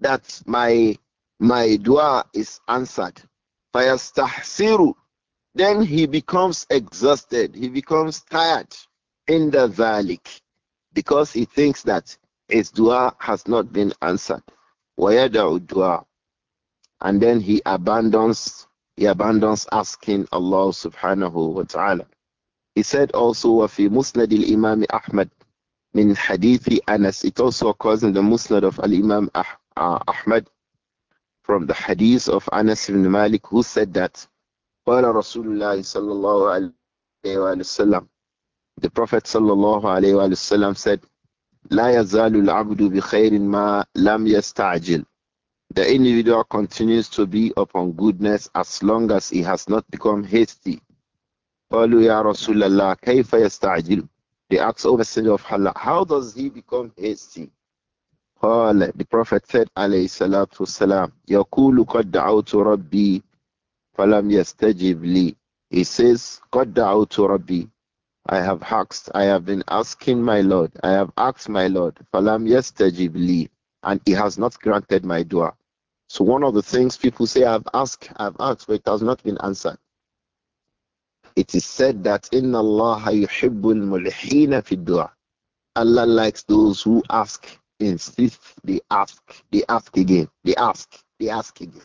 that my my dua is answered فيستحسر then he becomes exhausted, he becomes tired in the valley because he thinks that his dua has not been answered. dua, And then he abandons he abandons asking Allah subhanahu wa ta'ala. He said also musnad al الإمام ahmad من hadith Anas. It also occurs in the Musnad of Al Imam Ahmad from the hadith of Anas ibn Malik who said that قال رسول الله صلى الله عليه وسلم The Prophet صلى الله عليه وسلم said لا يزال العبد بخير ما لم يستعجل The individual continues to be upon goodness as long as he has not become hasty. قالوا يا رسول الله كيف يستعجل They asked, O Messenger of Allah, how does he become hasty? قال The Prophet said عليه الصلاة والسلام يقول قد دعوت ربي Falam yastajib He says, God to Rabbi. I have asked, I have been asking my Lord, I have asked my Lord, Falam yastajib and he has not granted my dua. So one of the things people say, I've asked, I've asked, but it has not been answered. It is said that in Allah yuhibbul mulhina fi dua. Allah likes those who ask, insist, they ask, they ask again, they ask, they ask again.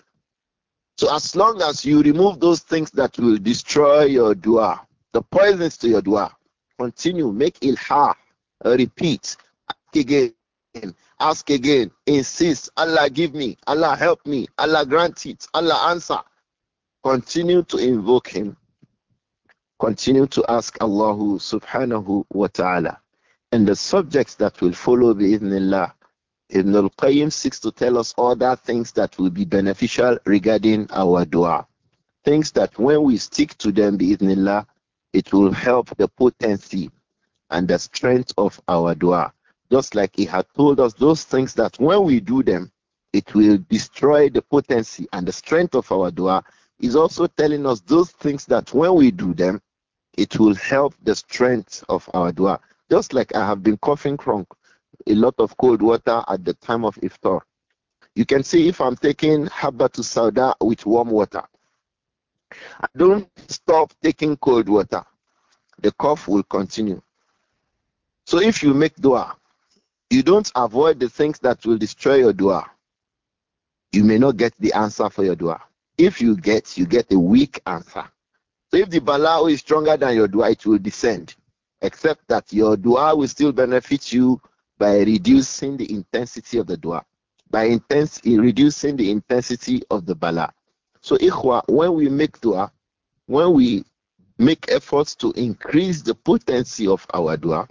So as long as you remove those things that will destroy your dua, the poisons to your dua, continue, make ilha, repeat, ask again, ask again, insist, Allah give me, Allah help me, Allah grant it, Allah answer. Continue to invoke Him. Continue to ask Allah subhanahu wa ta'ala. And the subjects that will follow, bi'idhnillah, Ibn al-Qayyim seeks to tell us other things that will be beneficial regarding our dua. Things that when we stick to them, bi'idhnillah, it will help the potency and the strength of our dua. Just like he had told us those things that when we do them, it will destroy the potency and the strength of our dua. He's also telling us those things that when we do them, it will help the strength of our dua. Just like I have been coughing crunk a lot of cold water at the time of iftar. You can see if I'm taking habba to sauda with warm water. I don't stop taking cold water. The cough will continue. So if you make dua, you don't avoid the things that will destroy your dua. You may not get the answer for your dua. If you get, you get a weak answer. So if the balao is stronger than your dua, it will descend. Except that your dua will still benefit you by reducing the intensity of the dua, by intense reducing the intensity of the bala. So, ikhwa, when we make dua, when we make efforts to increase the potency of our dua,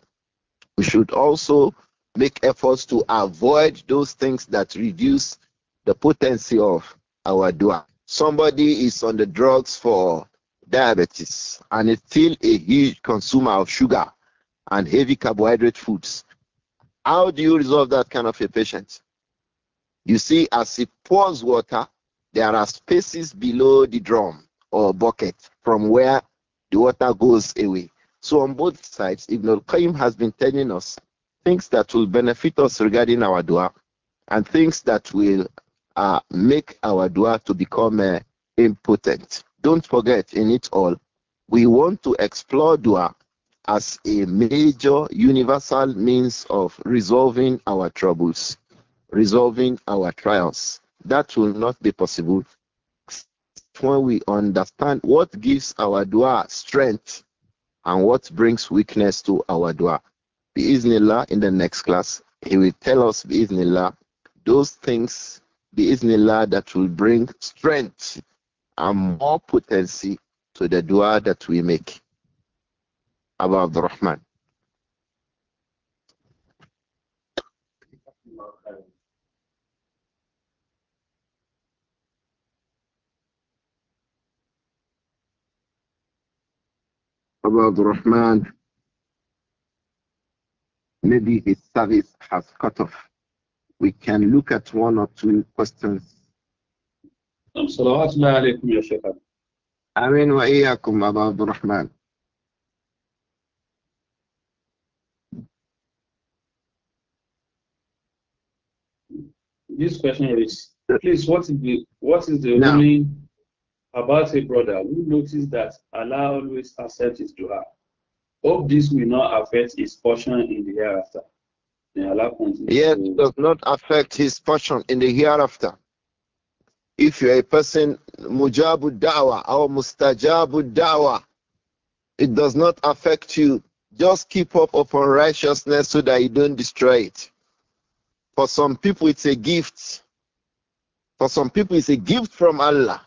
we should also make efforts to avoid those things that reduce the potency of our dua. Somebody is on the drugs for diabetes and is still a huge consumer of sugar and heavy carbohydrate foods. How do you resolve that kind of a patient? You see, as it pours water, there are spaces below the drum or bucket from where the water goes away. So on both sides, Ibn al-Qayyim has been telling us things that will benefit us regarding our dua and things that will uh, make our dua to become uh, impotent. Don't forget in it all, we want to explore dua as a major universal means of resolving our troubles, resolving our trials. That will not be possible when we understand what gives our dua strength and what brings weakness to our dua. Biiznillah in the next class, he will tell us Biiznillah those things Biiznillah that will bring strength and more potency to the dua that we make. أبا عبد الرحمن أبا عبد الرحمن maybe his service has cut off we can look at one or two questions صلوات الله عليكم يا شيخ آمين وإياكم أبا عبد الرحمن this question is please what is the what is the now, about a brother who noticed that Allah always accepts his dua? Hope this will not affect his portion in the hereafter. Allah Yes, to... does not affect his portion in the hereafter. If you are a person mujabu dawa or mustajabu dawa, it does not affect you. Just keep up upon righteousness so that you don't destroy it. For some people, it's a gift. For some people, it's a gift from Allah.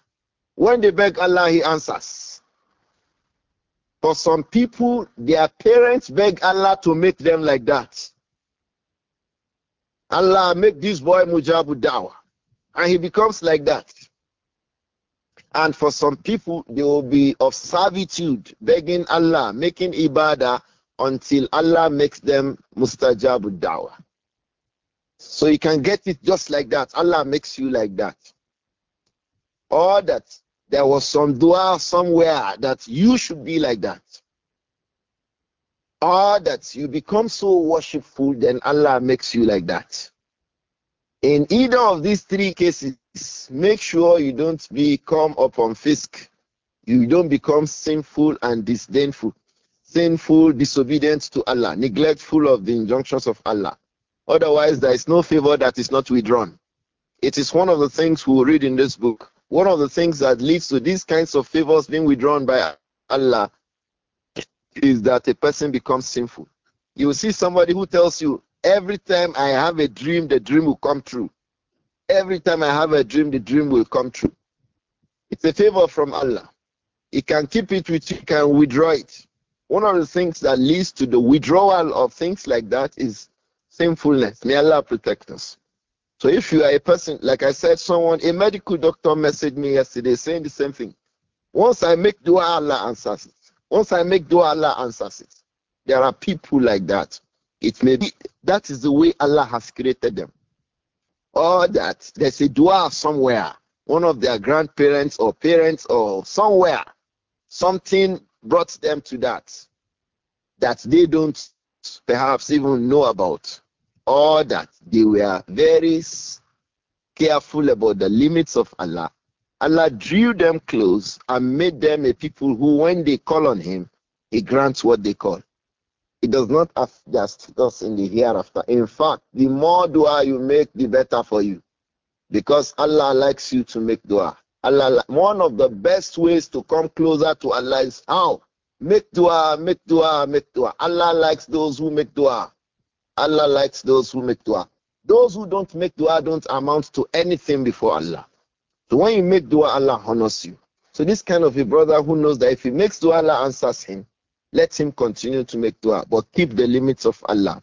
When they beg Allah, He answers. For some people, their parents beg Allah to make them like that. Allah make this boy Mujabu Dawa. And he becomes like that. And for some people, they will be of servitude, begging Allah, making ibadah until Allah makes them Mustajabu Dawa. So you can get it just like that. Allah makes you like that. Or that there was some dua somewhere that you should be like that. Or that you become so worshipful, then Allah makes you like that. In either of these three cases, make sure you don't become upon fisk. You don't become sinful and disdainful, sinful, disobedient to Allah, neglectful of the injunctions of Allah Otherwise, there is no favor that is not withdrawn. It is one of the things we will read in this book. One of the things that leads to these kinds of favors being withdrawn by Allah is that a person becomes sinful. You will see somebody who tells you, Every time I have a dream, the dream will come true. Every time I have a dream, the dream will come true. It's a favor from Allah. He can keep it with you, can withdraw it. One of the things that leads to the withdrawal of things like that is sinfulness. May Allah protect us. So if you are a person, like I said, someone, a medical doctor messaged me yesterday saying the same thing. Once I make dua, Allah answers it. Once I make dua, Allah answers it. There are people like that. It may be that is the way Allah has created them. Or that there's a dua somewhere, one of their grandparents or parents or somewhere, something brought them to that, that they don't perhaps even know about all that they were very careful about the limits of Allah. Allah drew them close and made them a people who, when they call on Him, He grants what they call. It does not affect their status in the hereafter. In fact, the more dua you make, the better for you. Because Allah likes you to make dua. Allah, one of the best ways to come closer to Allah is how? Make dua, make dua, make dua. Allah likes those who make dua. Allah likes those who make dua. Those who don't make dua don't amount to anything before Allah. So when you make dua, Allah honors you. So this kind of a brother who knows that if he makes dua, Allah answers him. Let him continue to make dua, but keep the limits of Allah.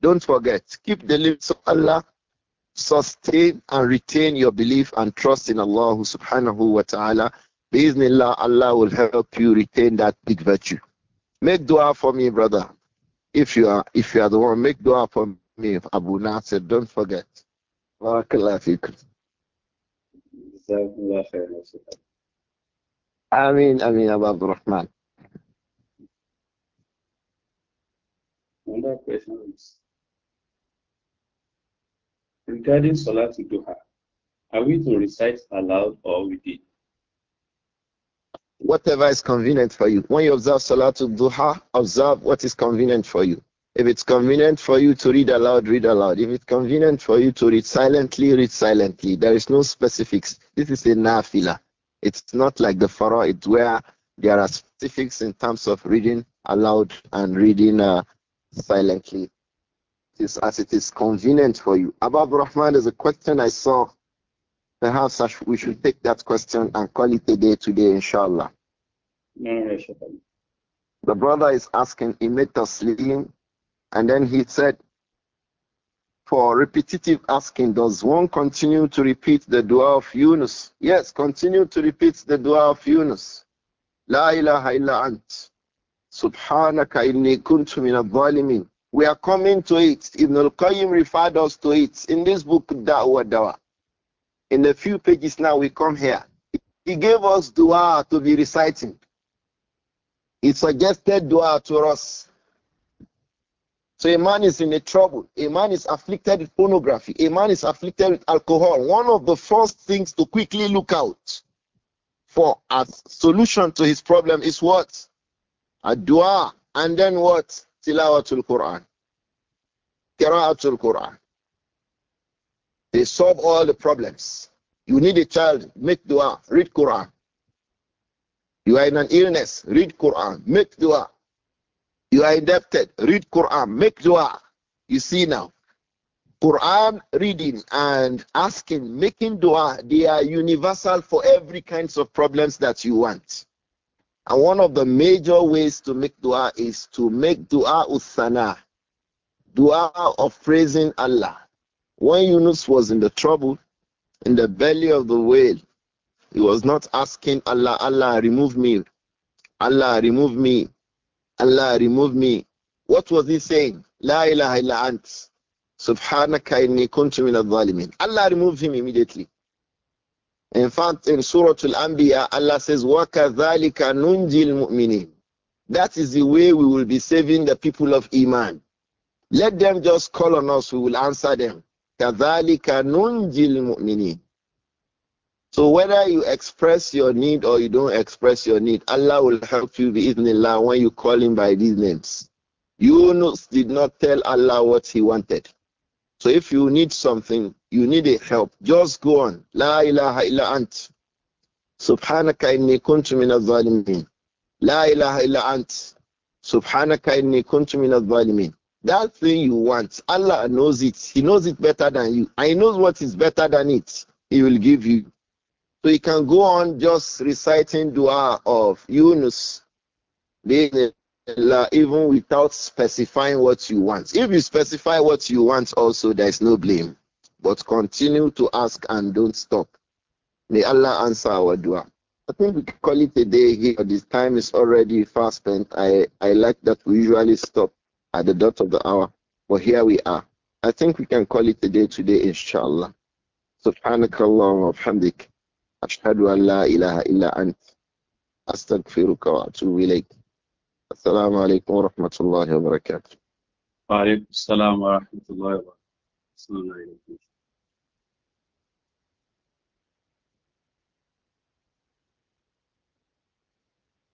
Don't forget, keep the limits of Allah, sustain and retain your belief and trust in Allah subhanahu wa ta'ala. Bismillah, Allah will help you retain that big virtue. Make dua for me, brother. If you are if you are the one, make dua for me. Abu Nasir, don't forget. I mean, I mean, Abu Rahman. Another question is regarding salat Duha. Are we to recite aloud or with it? whatever is convenient for you. When you observe Salatul Duha, observe what is convenient for you. If it's convenient for you to read aloud, read aloud. If it's convenient for you to read silently, read silently. There is no specifics. This is a nafila. It's not like the farah, it's where there are specifics in terms of reading aloud and reading uh, silently. It is as it is convenient for you. Abab Rahman is a question I saw Perhaps we should take that question and call it a day today, inshallah. The brother is asking, he and then he said, for repetitive asking, does one continue to repeat the dua of Yunus? Yes, continue to repeat the dua of Yunus. La ilaha illa ant. Subhanaka inni kuntu We are coming to it. Ibn al-Qayyim referred us to it in this book, Da'wah Da'wah in a few pages now we come here. He gave us dua to be reciting. He suggested dua to us. So a man is in a trouble. A man is afflicted with pornography. A man is afflicted with alcohol. One of the first things to quickly look out for a solution to his problem is what? A dua. And then what? Tilawatul Quran. Qira'atul Quran. They solve all the problems. You need a child, make dua, read Quran. You are in an illness, read Quran, make dua. You are indebted, read Quran, make dua. You see now, Quran reading and asking, making dua, they are universal for every kinds of problems that you want. And one of the major ways to make dua is to make dua usana, dua of praising Allah. When Yunus was in the trouble, in the belly of the whale, he was not asking Allah, Allah, remove me. Allah, remove me. Allah, remove me. What was he saying? La ilaha illa ant. Subhanaka inni kuntu min al Allah removed him immediately. In fact, in Surah Al-Anbiya, Allah says, وَكَذَلِكَ نُنْجِي الْمُؤْمِنِينَ That is the way we will be saving the people of Iman. Let them just call on us, we will answer them. كَذَلِكَ نُنْجِ الْمُؤْمِنِينَ so whether you express your need or you don't express your need, Allah will help you bi'idhnillah when you call him by these names. Yunus did not tell Allah what he wanted. So if you need something, you need a help, just go on. La ilaha illa ant. Subhanaka inni kuntu min al-zalimin. La ilaha illa ant. Subhanaka inni kuntu min al-zalimin. That thing you want, Allah knows it. He knows it better than you. He knows what is better than it. He will give you. So you can go on just reciting dua of Yunus, even without specifying what you want. If you specify what you want, also, there is no blame. But continue to ask and don't stop. May Allah answer our dua. I think we can call it a day here. This time is already fast spent. I, I like that we usually stop at the dot of the hour. But here we are. I think we can call it a day today, inshallah. Subhanakallah wa bihamdik. Ashhadu an la ilaha illa ant. Astaghfiruka wa atubu Assalamu alaikum wa rahmatullahi wa alaikum assalam wa rahmatullahi